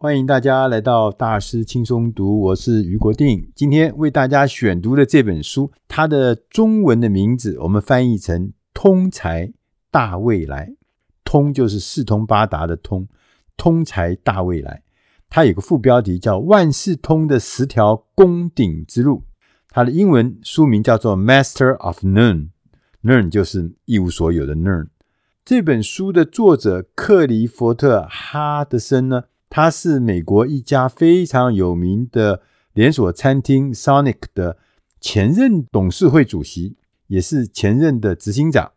歡迎大家來到大師輕鬆讀，我是余國定。今天為大家選讀的這本書，它的中文的名字我們翻譯成《通才大未來》，通就是四通八達的通，通才大未來。它有個副標題叫《萬事通的十條攻頂之路》，它的英文書名叫做《Master of None》，None 就是一無所有的 None。這本書的作者克里佛特哈德森呢，他是美國一家非常有名的連鎖餐廳 Sonic 的前任董事會主席，也是前任的執行長。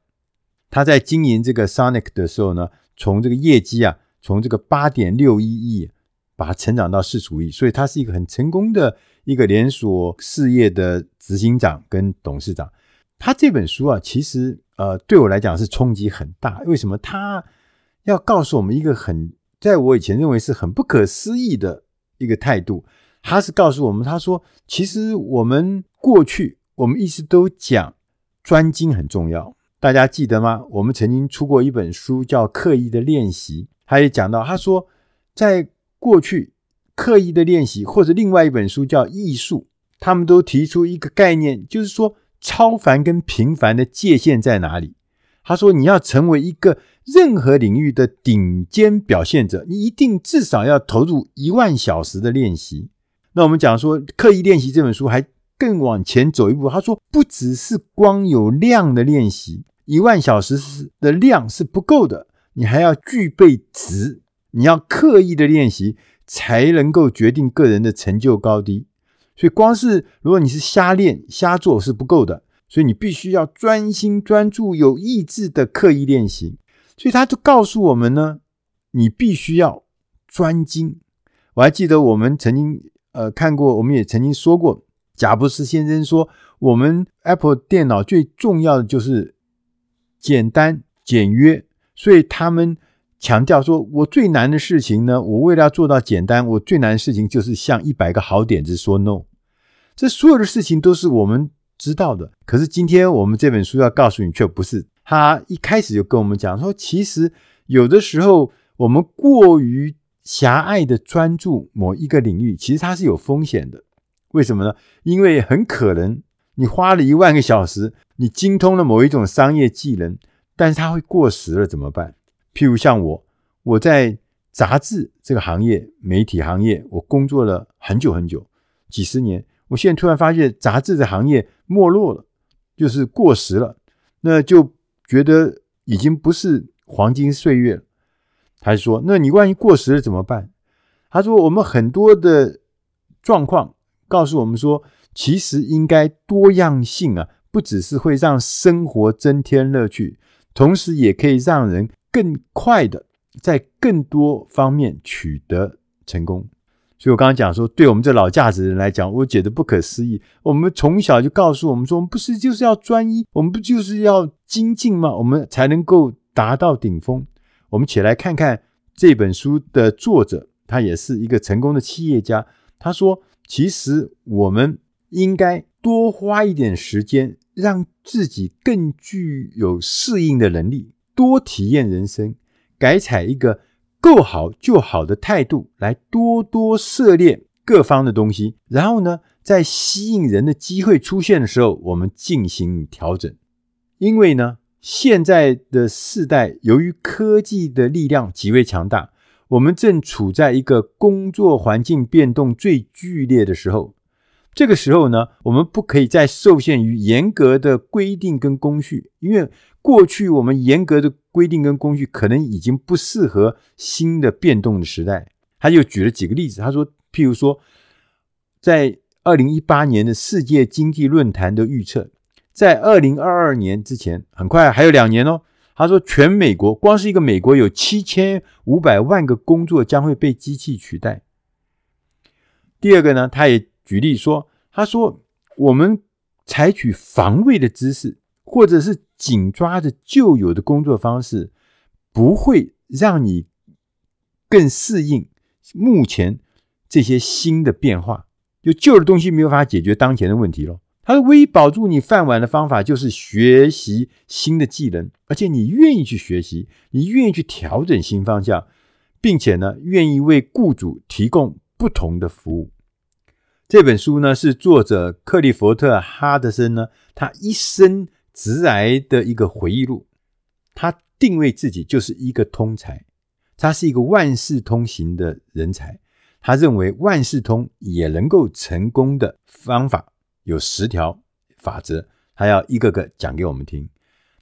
他在經營這個 Sonic 的時候呢，從這個業績啊，從這個八點六一億，把它成長到四十五億，所以他是一個很成功的一個連鎖事業的執行長跟董事長。他這本書啊，其實呃，對我來講是衝擊很大。為什麼？他要告訴我們一個很。在我以前認為是很不可思議的一個態度，他是告訴我們，他說其實我們過去我們一直都講專精很重要，大家記得嗎？我們曾經出過一本書叫《刻意的練習》，他也講到，他說在過去《刻意的練習》或者另外一本書叫《異數》，他們都提出一個概念，就是說超凡跟平凡的界限在哪裡？他說你要成為一個。任何領域的頂尖表現者，你一定至少要投入一萬小時的練習。那我們講說《刻意練習》這本書還更往前走一步，他說不只是光有量的練習，一萬小時是的量是不夠的，你還要具備質，你要刻意的練習才能夠決定個人的成就高低。所以光是如果你是瞎練瞎做是不夠的，所以你必須要專心專注、有意志的刻意練習。所以他就告訴我們呢，你必須要專精。我還記得我們曾經呃看過，我們也曾經說過，賈伯斯先生說，我們 Apple 電腦最重要的就是簡單簡約。所以他們強調說，我最難的事情呢，我為了要做到簡單，我最難的事情就是向一百個好點子說 no。這所有的事情都是我們知道的，可是今天我們這本書要告訴你，卻不是。他一開始就跟我們講說，其實有的時候我們過於狹隘的專注某一個領域，其實它是有風險的。為什麼呢？因為很可能你花了一萬個小時，你精通了某一種商業技能，但是它會過時了，怎麼辦？譬如像我，我在雜誌這個行業、媒體行業，我工作了很久很久，幾十年，我現在突然發現雜誌的行業沒落了，就是過時了，那就。覺得已經不是黃金歲月了，他說：“那你萬一過時了怎麼辦？”他說：“我們很多的狀況告訴我們說，其實應該多樣性啊，不只是會讓生活增添樂趣，同時也可以讓人更快的在更多方面取得成功。”所以，我剛剛講說，對我們這老價值的人來講，我覺得不可思議。我們從小就告訴我們說，我們不是就是要專一，我們不就是要精進嗎？我們才能夠達到頂峰。我們一起來看看這本書的作者，他也是一個成功的企業家。他說，其實我們應該多花一點時間，讓自己更具有適應的能力，多體驗人生，改採一個夠好就好的態度來多多涉獵各方的東西，然後呢，在吸引人的機會出現的時候，我們進行調整。因為呢，現在的世代由於科技的力量極為強大，我們正處在一個工作環境變動最劇烈的時候。這個時候呢，我們不可以再受限於嚴格的規定跟工序，因為。過去我們嚴格的規定跟工序可能已經不適合新的變動的時代，他又舉了幾個例子。他說，譬如說，在二零一八年的世界經濟論壇的預測，在二零二二年之前，很快還有兩年哦。他說，全美國光是一個美國有七千五百萬個工作將會被機器取代。第二個呢，他也舉例說，他說我們採取防衛的姿勢。或者是緊抓着舊有的工作方式，不會讓你更適應目前這些新的變化。就舊的東西沒有辦法解決當前的問題咯。它唯一保住你飯碗的方法就是學習新的技能，而且你願意去學習，你願意去調整新方向，並且呢，願意為雇主提供不同的服務。這本書呢，是作者克利佛特·哈德森呢，他一生。直來的一個回憶錄，他定位自己就是一個通才，他是一個萬事通行的人才。他認為萬事通也能夠成功的方法有十條法則，他要一個個講給我們聽。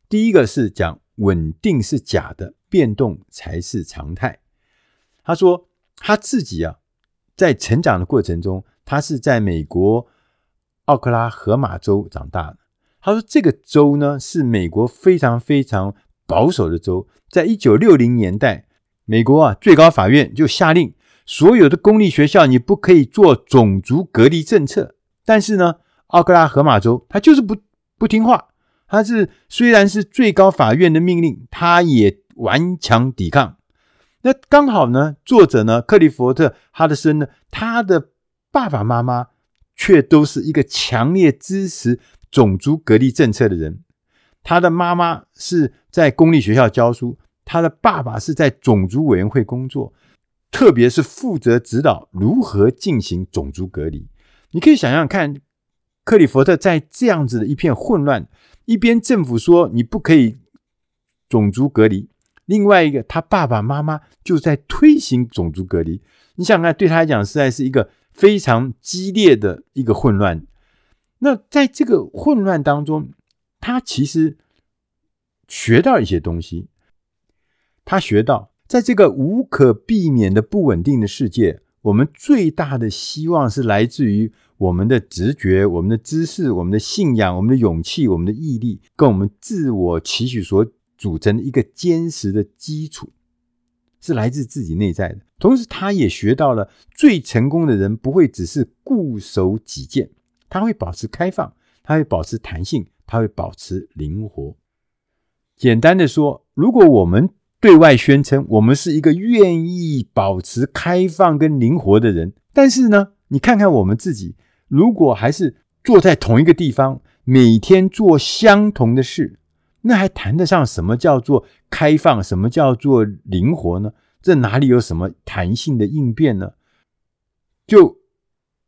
第一個是講穩定是假的，變動才是常態。他說他自己啊，在成長的過程中，他是在美國奧克拉荷馬州長大的。他說：“這個州呢，是美國非常非常保守的州。在一九六零年代，美國啊最高法院就下令，所有的公立學校你不可以做種族隔離政策。但是呢，奧克拉荷馬州他就是不不聽話，他是雖然是最高法院的命令，他也頑強抵抗。那剛好呢，作者呢克利佛特哈德森，呢，他的爸爸媽媽卻都是一個強烈支持。”種族隔離政策的人，他的媽媽是在公立學校教書，他的爸爸是在種族委員會工作，特別是負責指導如何進行種族隔離。你可以想象看，克利夫特在這樣子的一片混亂，一邊政府說你不可以種族隔離，另外一個他爸爸媽媽就在推行種族隔離。你想想看，對他來講，實在是一個非常激烈的一個混亂。那在這個混亂當中，他其實學到一些東西。他學到，在這個無可避免的不穩定的世界，我們最大的希望是來自於我們的直覺、我們的知識、我們的信仰、我們的勇氣、我們的毅力，跟我們自我期許所組成的一個堅實的基礎，是來自自己內在的。同時，他也學到了，最成功的人不會只是固守己見。它會保持開放，它會保持彈性，它會保持靈活。簡單的說，如果我們對外宣稱我們是一個願意保持開放跟靈活的人，但是呢，你看看我們自己，如果還是坐在同一個地方，每天做相同的事，那還談得上什麼叫做開放，什麼叫做靈活呢？這哪裡有什麼彈性的應變呢？就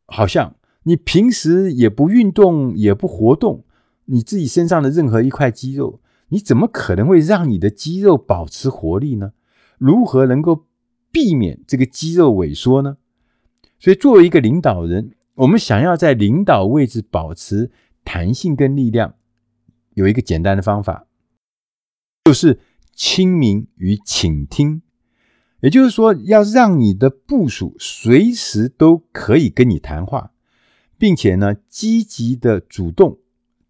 好像。你平時也不運動，也不活動，你自己身上的任何一塊肌肉，你怎麼可能會讓你的肌肉保持活力呢？如何能夠避免這個肌肉萎縮呢？所以，作為一個領導人，我們想要在領導位置保持彈性跟力量，有一個簡單的方法，就是親民與傾聽。也就是說，要讓你的部屬隨時都可以跟你談話。並且呢，積極的主動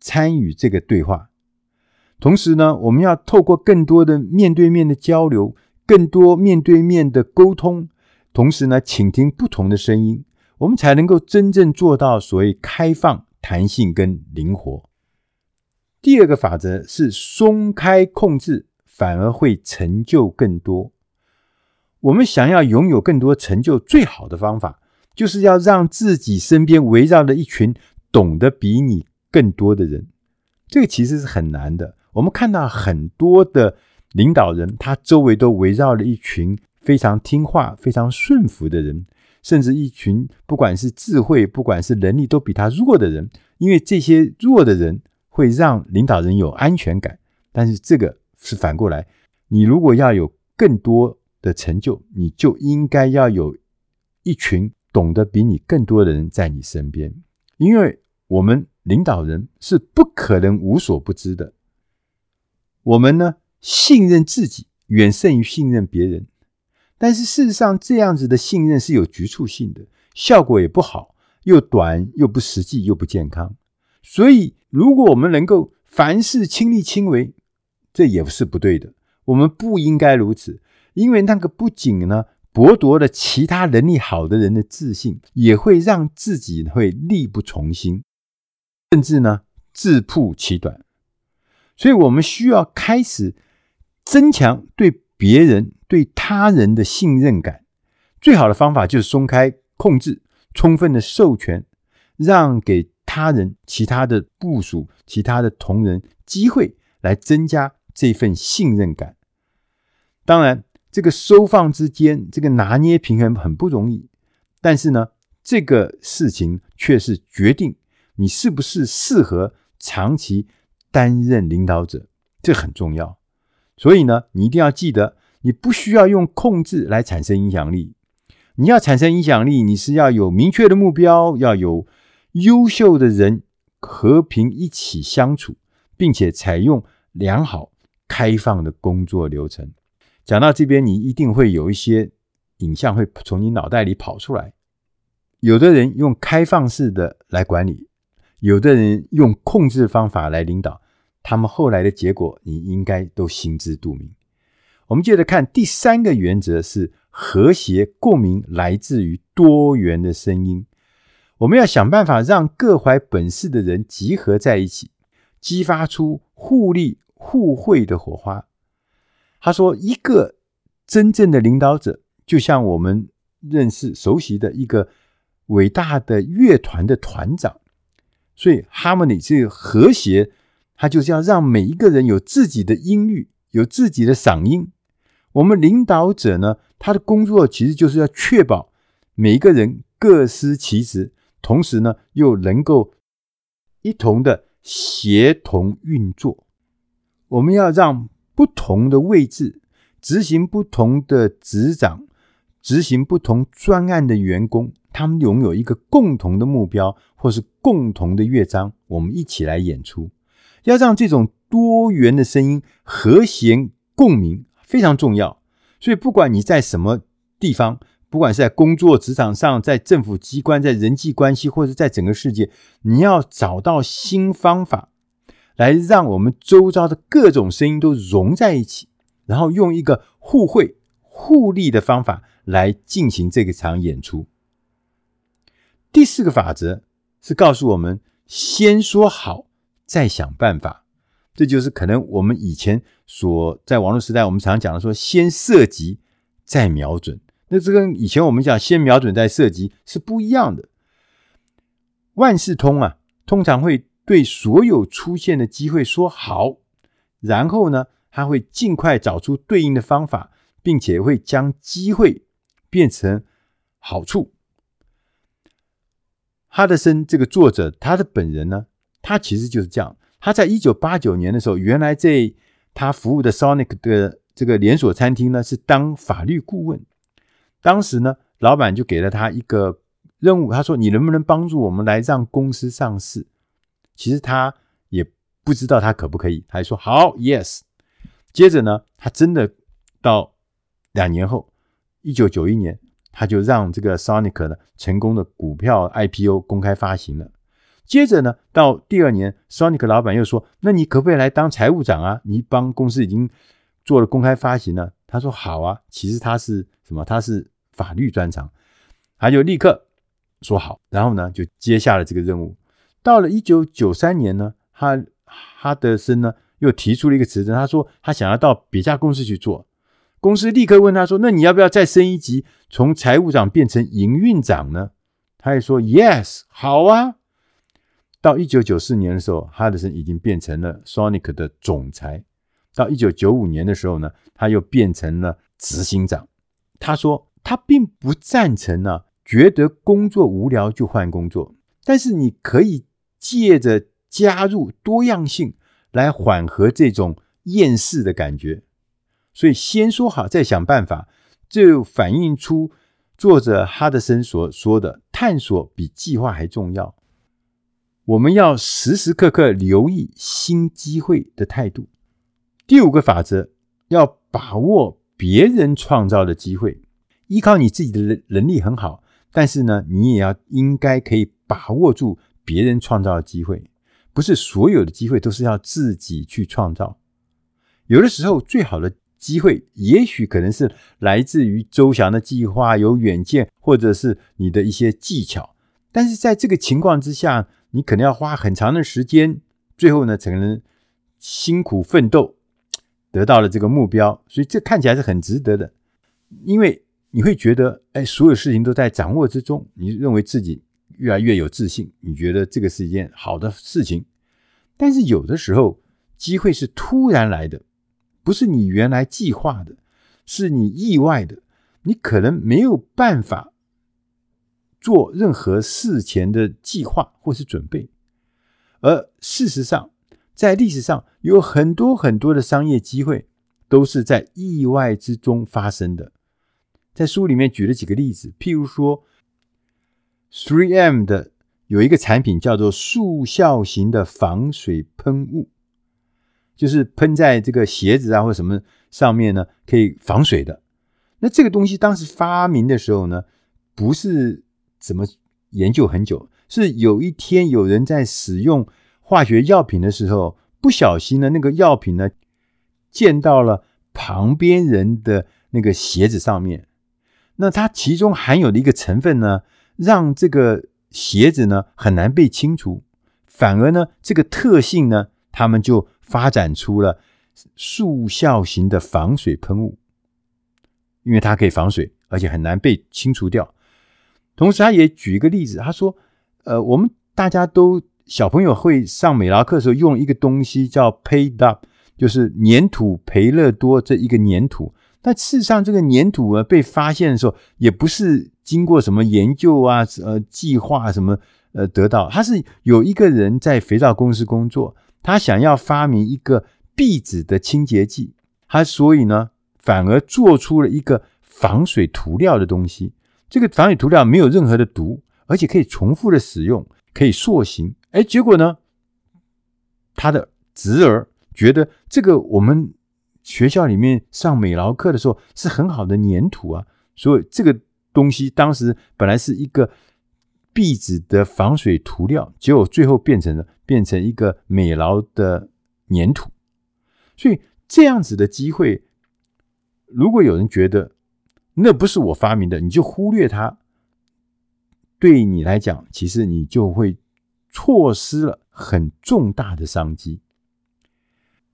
參與這個對話，同時呢，我們要透過更多的面對面的交流，更多面對面的溝通，同時呢，傾聽不同的聲音，我們才能夠真正做到所謂開放、彈性跟靈活。第二個法則是鬆開控制，反而會成就更多。我們想要擁有更多成就最好的方法，就是要讓自己身邊圍繞着一群懂得比你更多的人，這個其實是很難的。我們看到很多的領導人，他周圍都圍繞着一群非常聽話、非常順服的人，甚至一群不管是智慧、不管是能力都比他弱的人，因為這些弱的人會讓領導人有安全感。但是這個是反過來，你如果要有更多的成就，你就應該要有一群。懂得比你更多的人在你身邊，因為我們領導人是不可能無所不知的。我們呢，信任自己遠勝於信任別人。但是事實上，這樣子的信任是有局促性的，效果也不好，又短又不實際又不健康。所以，如果我們能夠凡事親力親為，這也是不對的。我們不應該如此，因為那個不僅呢。剝奪了其他能力好的人的自信，也會讓自己會力不從心，甚至呢自曝其短。所以，我們需要開始增強對別人、對他人的信任感。最好的方法就是鬆開控制，充分的授權，讓給他人、其他的部屬、其他的同仁機會，來增加這份信任感。當然。這個收放之間，這個拿捏平衡很不容易。但是呢，這個事情卻是決定你是不是適合長期擔任領導者，這很重要。所以呢，你一定要記得，你不需要用控制來產生影響力。你要產生影響力，你是要有明確的目標，要有優秀的人和平一起相處，並且採用良好開放的工作流程。講到這邊，你一定會有一些影像會從你腦袋裡跑出來。有的人用開放式的來管理，有的人用控制方法來領導，他們後來的結果你應該都心知肚明。我們接着看第三個原則，是和諧共鳴來自於多元的聲音。我們要想辦法讓各懷本事的人集合在一起，激發出互利互惠的火花。他說：“一個真正的領導者，就像我們認識熟悉的一個偉大的樂團的團長，所以 harmony 是和諧，他就是要讓每一個人有自己的音域，有自己的嗓音。我們領導者呢，他的工作其實就是要確保每一個人各司其職，同時呢又能夠一同的協同運作。我們要讓。”不同的位置，執行不同的職掌，執行不同專案的員工，他們擁有一個共同的目標，或是共同的樂章，我們一起來演出。要讓這種多元的聲音和諧共鳴非常重要。所以，不管你在什麼地方，不管是在工作職場上，在政府機關，在人際關係，或者在整個世界，你要找到新方法。來讓我們周遭的各種聲音都融在一起，然後用一個互惠互利的方法來進行這個場演出。第四個法則是告訴我們：先說好，再想辦法。這就是可能我們以前所在網絡時代，我們常講的說“先射擊再瞄準”。那這跟以前我們講“先瞄準再射擊”是不一樣的。萬事通啊，通常會。對所有出現的機會說好，然後呢，他會盡快找出對應的方法，並且會將機會變成好處。哈德森這個作者，他的本人呢，他其實就是這樣。他在一九八九年的時候，原來在他服務的 Sonic 的這個連鎖餐廳呢，是當法律顧問。當時呢，老闆就給了他一個任務，他說：“你能不能幫助我們來讓公司上市？”其實他也不知道他可不可以，他就說好，yes。接着呢，他真的到兩年後，一九九一年，他就讓這個 Sonic 呢成功的股票 IPO 公開發行了。接着呢，到第二年，Sonic 老闆又說：“那你可不可以來當財務長啊？你幫公司已經做了公開發行了。”他說：“好啊。”其實他是什麼？他是法律專長，他就立刻說好，然後呢，就接下了這個任務。到了一九九三年呢，哈哈德森呢又提出了一個辭職，他說他想要到別家公司去做。公司立刻問他說：“那你要不要再升一級，從財務長變成營運長呢？”他也說：“Yes，好啊。”到一九九四年的時候，哈德森已經變成了 Sonic 的總裁。到一九九五年的時候呢，他又變成了執行長。他說他並不贊成呢、啊，覺得工作無聊就換工作，但是你可以。借着加入多樣性來緩和這種厭世的感覺，所以先說好，再想辦法，就反映出作者哈德森所說的“探索比計劃還重要”。我們要時時刻刻留意新機會的態度。第五個法則：要把握別人創造的機會。依靠你自己的能能力很好，但是呢，你也要應該可以把握住。別人創造的機會，不是所有的機會都是要自己去創造。有的時候，最好的機會，也許可能是來自於周詳的計劃、有遠見，或者是你的一些技巧。但是在這個情況之下，你可能要花很長的時間，最後呢，才能辛苦奮鬥得到了這個目標。所以這看起來是很值得的，因為你會覺得，哎，所有事情都在掌握之中，你認為自己。越來越有自信，你覺得這個是一件好的事情。但是有的時候，機會是突然來的，不是你原來計劃的，是你意外的，你可能沒有辦法做任何事前的計劃或是準備。而事實上，在歷史上有很多很多的商業機會都是在意外之中發生的。在書裡面舉了幾個例子，譬如說，3M 的有一個產品叫做速效型的防水噴霧，就是噴在這個鞋子啊或什麼上面呢，可以防水的。那這個東西當時發明的時候呢，不是怎麼研究很久，是有一天有人在使用化學藥品的時候，不小心呢，那個藥品呢，濺到了旁邊人的那個鞋子上面，那它其中含有的一個成分呢。讓這個鞋子呢很難被清除，反而呢這個特性呢，他們就發展出了速效型的防水噴霧，因為它可以防水，而且很難被清除掉。同時，他也舉一個例子，他說：“呃，我們大家都小朋友會上美勞課的時候用一個東西叫 playdough，就是粘土培樂多這一個粘土。但事實上，這個粘土呃被發現的時候也不是。”經過什麼研究啊？呃，計劃什麼？呃，得到他是有一個人在肥皂公司工作，他想要發明一個壁紙的清潔劑，他所以呢，反而做出了一個防水塗料的東西。這個防水塗料沒有任何的毒，而且可以重複的使用，可以塑形。哎，結果呢，他的侄兒覺得這個我們學校裡面上美勞課的時候是很好的粘土啊，所以這個。東西當時本來是一個壁紙的防水塗料，結果最後變成了變成一個美勞的粘土。所以這樣子的機會，如果有人覺得那不是我發明的，你就忽略它，對你來講，其實你就會錯失了很重大的商機。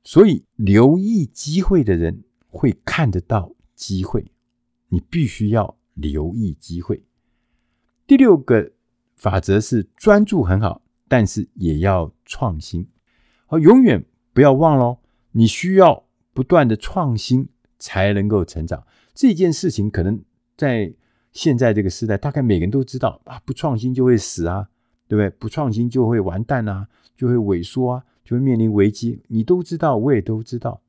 所以留意機會的人會看得到機會，你必須要。留意機會。第六個法則是專注很好，但是也要創新。好，永遠不要忘了，你需要不斷的創新才能夠成長。這件事情可能在現在這個時代，大概每個人都知道啊，不創新就會死啊，對不對？不創新就會完蛋啊，就會萎縮啊，就會面臨危機。你都知道，我也都知道。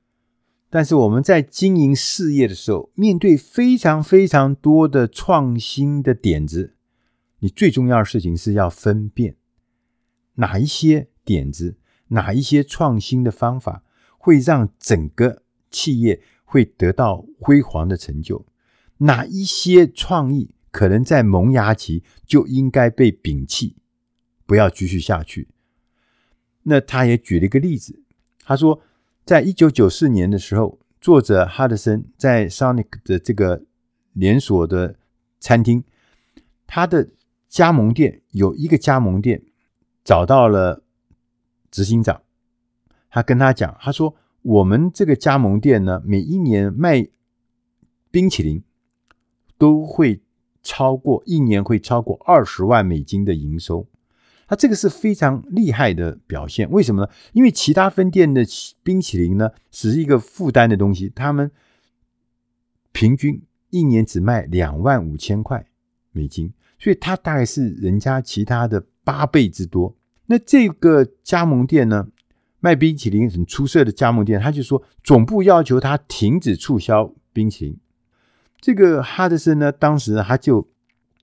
但是我們在經營事業的時候，面對非常非常多的創新的點子，你最重要的事情是要分辨哪一些點子，哪一些創新的方法會讓整個企業會得到輝煌的成就，哪一些創意可能在萌芽期就應該被摒棄，不要繼續下去。那他也舉了一個例子，他說。在一九九四年的時候，作者哈德森在 Sonic 的這個連鎖的餐廳，他的加盟店有一個加盟店找到了執行長，他跟他講，他說，我們這個加盟店呢，每一年賣冰淇淋都會超過一年會超過二十萬美金的營收。他這個是非常厲害的表現，為什麼呢？因為其他分店的冰淇淋呢，只是一個負擔的東西，他們平均一年只賣兩萬五千塊美金，所以他大概是人家其他的八倍之多。那這個加盟店呢，賣冰淇淋很出色的加盟店，他就說總部要求他停止促銷冰淇淋。這個哈德森呢，當時呢，他就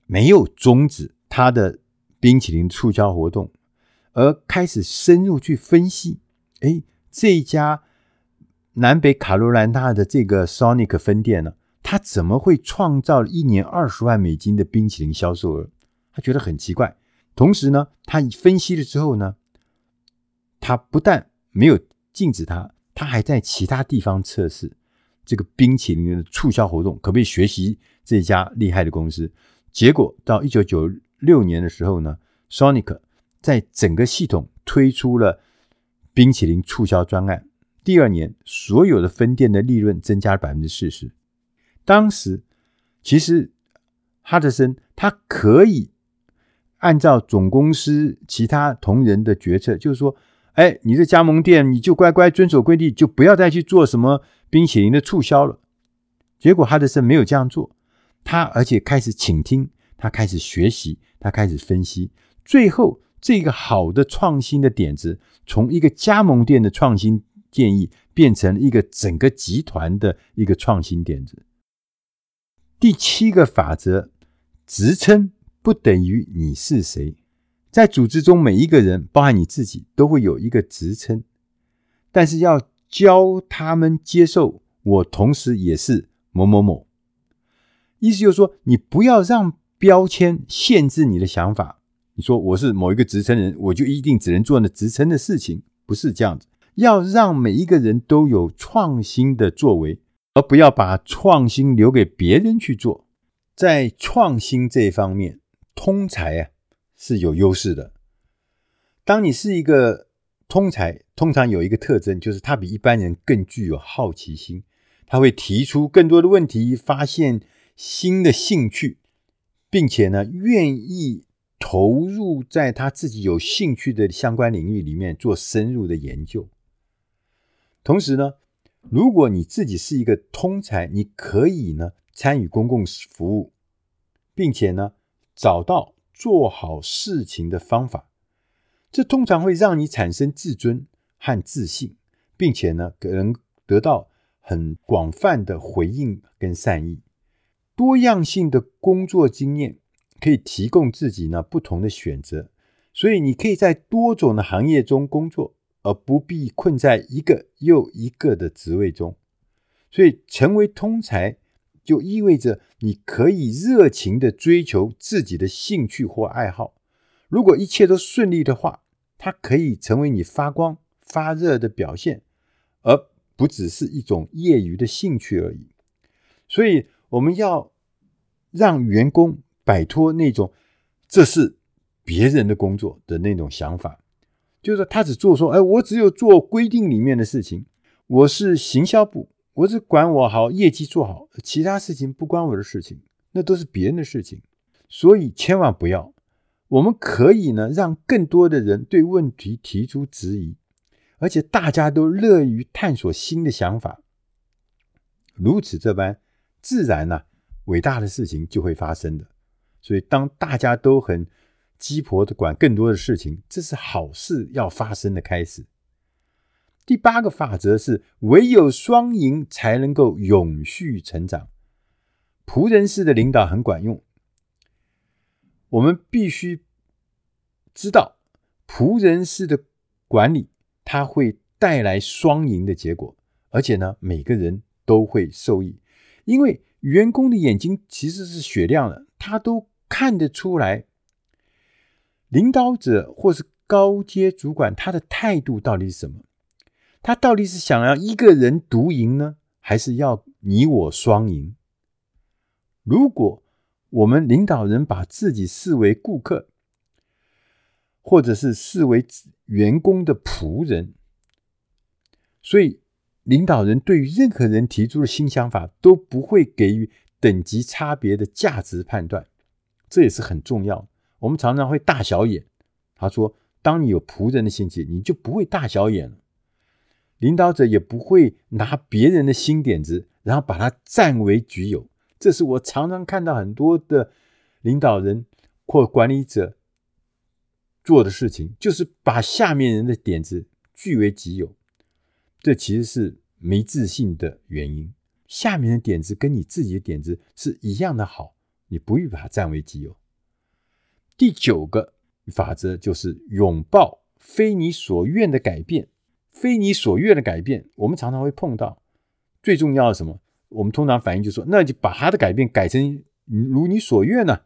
沒有終止他的。冰淇淋促銷活動，而開始深入去分析，誒，這一家南北卡羅萊納的這個 Sonic 分店呢，它怎麼會創造一年二十萬美金的冰淇淋銷售額？他覺得很奇怪。同時呢，他分析了之後呢，他不但沒有禁止它，他還在其他地方測試這個冰淇淋的促銷活動，可不可以學習這家厲害的公司？結果到一九九。六年的時候呢，Sonic 在整個系統推出了冰淇淋促銷專案。第二年，所有的分店的利潤增加了百分之四十。當時，其實哈德森他可以按照總公司其他同仁的決策，就是說，哎，你這加盟店你就乖乖遵守規定，就不要再去做什麼冰淇淋的促銷了。結果，哈德森沒有這樣做，他而且開始傾聽。他開始學習，他開始分析，最後這個好的創新的點子，從一個加盟店的創新建議，變成一個整個集團的一個創新點子。第七個法則：職稱不等於你是誰。在組織中，每一個人，包含你自己，都會有一個職稱，但是要教他們接受，我同時也是某某某。意思就是說，你不要讓。標籤限制你的想法。你說我是某一個職稱人，我就一定只能做那職稱的事情，不是這樣子。要讓每一個人都有創新的作為，而不要把創新留給別人去做。在創新這方面，通才啊是有優勢的。當你是一個通才，通常有一個特徵，就是他比一般人更具有好奇心，他會提出更多的問題，發現新的興趣。並且呢，願意投入在他自己有興趣的相關領域裡面做深入的研究。同時呢，如果你自己是一個通才，你可以呢參與公共服務，並且呢找到做好事情的方法。這通常會讓你產生自尊和自信，並且呢，可能得到很廣泛的回應跟善意。多樣性的工作經驗可以提供自己呢不同的選擇，所以你可以在多種的行業中工作，而不必困在一個又一個的職位中。所以成為通才就意味着你可以熱情地追求自己的興趣或愛好。如果一切都順利的話，它可以成為你發光發熱的表現，而不只是一種業餘的興趣而已。所以。我們要讓員工擺脫那種“這是別人的工作”的那種想法，就是他只做說：“哎，我只有做規定裡面的事情，我是行銷部，我只管我好，業績做好，其他事情不關我的事情，那都是別人的事情。”所以千萬不要，我們可以呢，讓更多的人對問題提出質疑，而且大家都樂於探索新的想法，如此這般。自然呢、啊，偉大的事情就會發生的。所以，當大家都很雞婆的管更多的事情，這是好事要發生的開始。第八個法則是，唯有雙贏才能夠永續成長。僕人式的領導很管用，我們必須知道，僕人式的管理它會帶來雙贏的結果，而且呢，每個人都會受益。因為員工的眼睛其實是雪亮的，他都看得出來，領導者或是高階主管他的態度到底是什麼？他到底是想要一個人獨贏呢，還是要你我雙贏？如果我們領導人把自己視為顧客，或者是視為員工的僕人，所以。領導人對於任何人提出的新想法都不會給予等級差別的價值判斷，這也是很重要。我們常常會大小眼。他說：“當你有僕人的心情，你就不會大小眼了。”領導者也不會拿別人的新點子，然後把它佔為己有。這是我常常看到很多的領導人或管理者做的事情，就是把下面人的點子據為己有。這其實是沒自信的原因。下面的點子跟你自己的點子是一樣的好，你不欲把它佔為己有。第九個法則就是擁抱非你所願的改變。非你所願的改變，我們常常會碰到。最重要的是什麼？我們通常反應就是說，那就把他的改變改成如你所願呢？啊？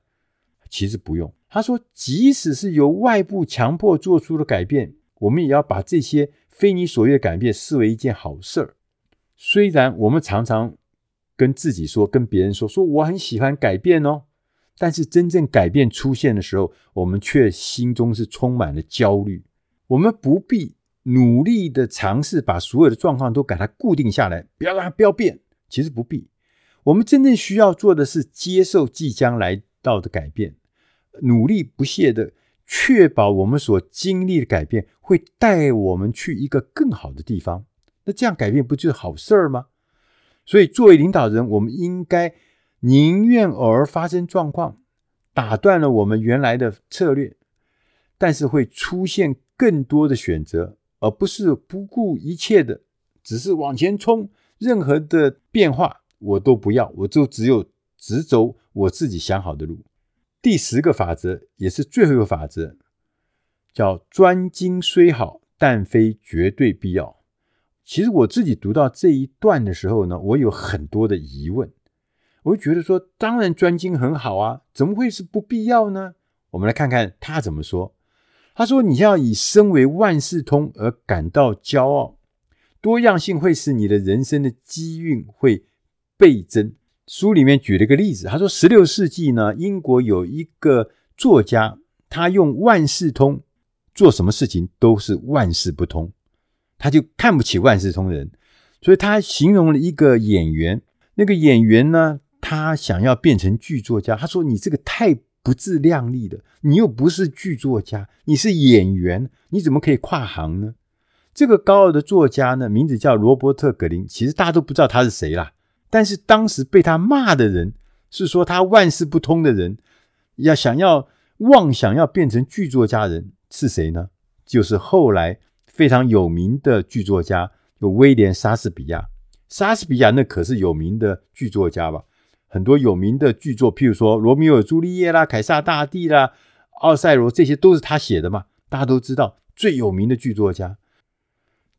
其實不用。他說，即使是由外部強迫做出的改變，我們也要把這些。非你所願改變，視為一件好事兒。雖然我們常常跟自己說、跟別人說：“說我很喜歡改變哦。”但是真正改變出現的時候，我們卻心中是充滿了焦慮。我們不必努力的嘗試把所有的狀況都給它固定下來，不要讓它不要變。其實不必。我們真正需要做的是接受即將來到的改變，努力不懈的。確保我們所經歷的改變會帶我們去一個更好的地方，那這樣改變不就是好事兒嗎？所以作為領導人，我們應該寧願偶爾發生狀況，打斷了我們原來的策略，但是會出現更多的選擇，而不是不顧一切的，只是往前衝，任何的變化我都不要，我就只有直走我自己想好的路。第十個法則也是最後一個法則，叫專精雖好，但非絕對必要。其實我自己讀到這一段的時候呢，我有很多的疑問，我就覺得說，當然專精很好啊，怎麼會是不必要呢？我們來看看他怎麼說。他說：“你要以身為萬事通而感到驕傲，多樣性會使你的人生的機運會倍增。”書裡面舉了一個例子，他說：十六世紀呢，英國有一個作家，他用萬事通做什麼事情都是萬事不通，他就看不起萬事通的人，所以他形容了一個演員。那個演員呢，他想要變成劇作家，他說：“你這個太不自量力了，你又不是劇作家，你是演員，你怎麼可以跨行呢？”這個高傲的作家呢，名字叫羅伯特·格林，其實大家都不知道他是誰啦。但是當時被他罵的人，是說他萬事不通的人，要想要妄想要變成劇作家的人是誰呢？就是後來非常有名的劇作家，有威廉·莎士比亞。莎士比亞那可是有名的劇作家吧？很多有名的劇作，譬如說羅米《羅密歐與朱麗葉》啦、《凱撒大帝》啦、《奧賽羅》這些都是他寫的嘛，大家都知道最有名的劇作家，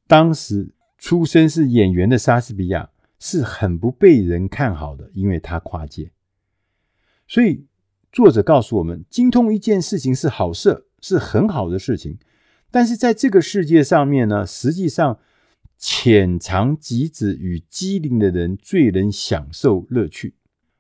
當時出身是演員的莎士比亞，是很不被人看好的，因為他跨界。所以作者告訴我們，精通一件事情是好事，是很好的事情。但是在這個世界上面呢，實際上淺嘗輒止與機靈的人最能享受樂趣。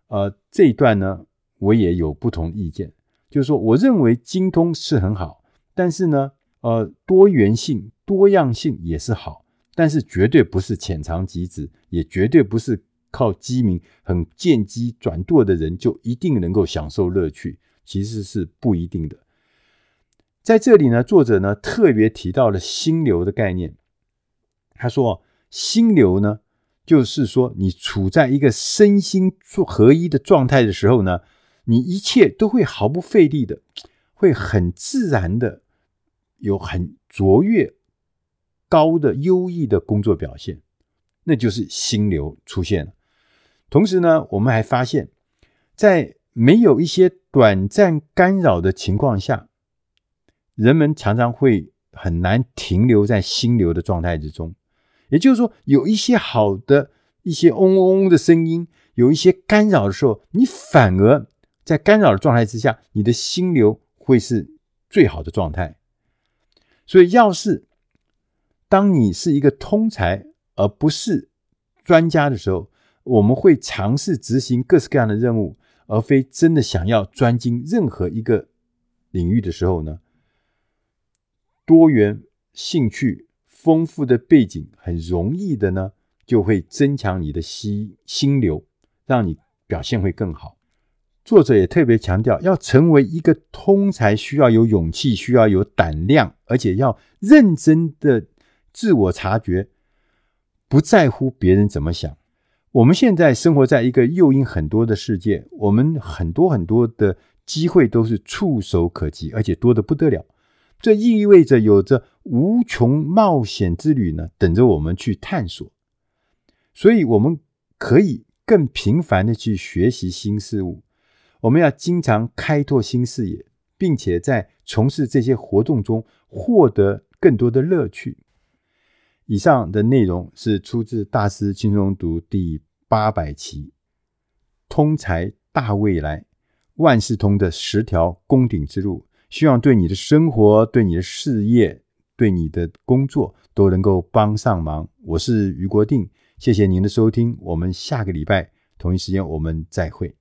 呃，這一段呢，我也有不同意見，就是說，我認為精通是很好，但是呢，呃，多元性、多樣性也是好。但是絕對不是淺嘗輒止，也絕對不是靠機敏、很見機轉舵的人就一定能夠享受樂趣，其實是不一定的。在這裡呢，作者呢特別提到了心流的概念。他說：“心流呢，就是說你處在一個身心合一的狀態的時候呢，你一切都會毫不費力的，會很自然的，有很卓越。”高的優異的工作表現，那就是心流出現了。同時呢，我們還發現，在沒有一些短暫干擾的情況下，人們常常會很難停留在心流的狀態之中。也就是說，有一些好的，一些嗡嗡嗡的聲音，有一些干擾的時候，你反而在干擾的狀態之下，你的心流會是最好的狀態。所以要是。當你是一個通才而不是專家的時候，我們會嘗試執行各式各樣的任務，而非真的想要專精任何一個領域的時候呢，多元興趣、豐富的背景，很容易的呢，就會增強你的心心流，讓你表現會更好。作者也特別強調，要成為一個通才，需要有勇氣，需要有膽量，而且要認真的。自我察覺，不在乎別人怎麼想。我們現在生活在一個誘因很多的世界，我們很多很多的機會都是觸手可及，而且多得不得了。這意味着有着無窮冒險之旅呢，等着我們去探索。所以，我們可以更頻繁地去學習新事物。我們要經常開拓新視野，並且在從事這些活動中獲得更多的樂趣。以上的內容是出自大師輕鬆讀第八百期，通才大未來，萬事通的十條攻頂之路，希望對你的生活、對你的事業、對你的工作都能夠幫上忙。我是余國定，謝謝您的收聽，我們下個禮拜同一時間我們再會。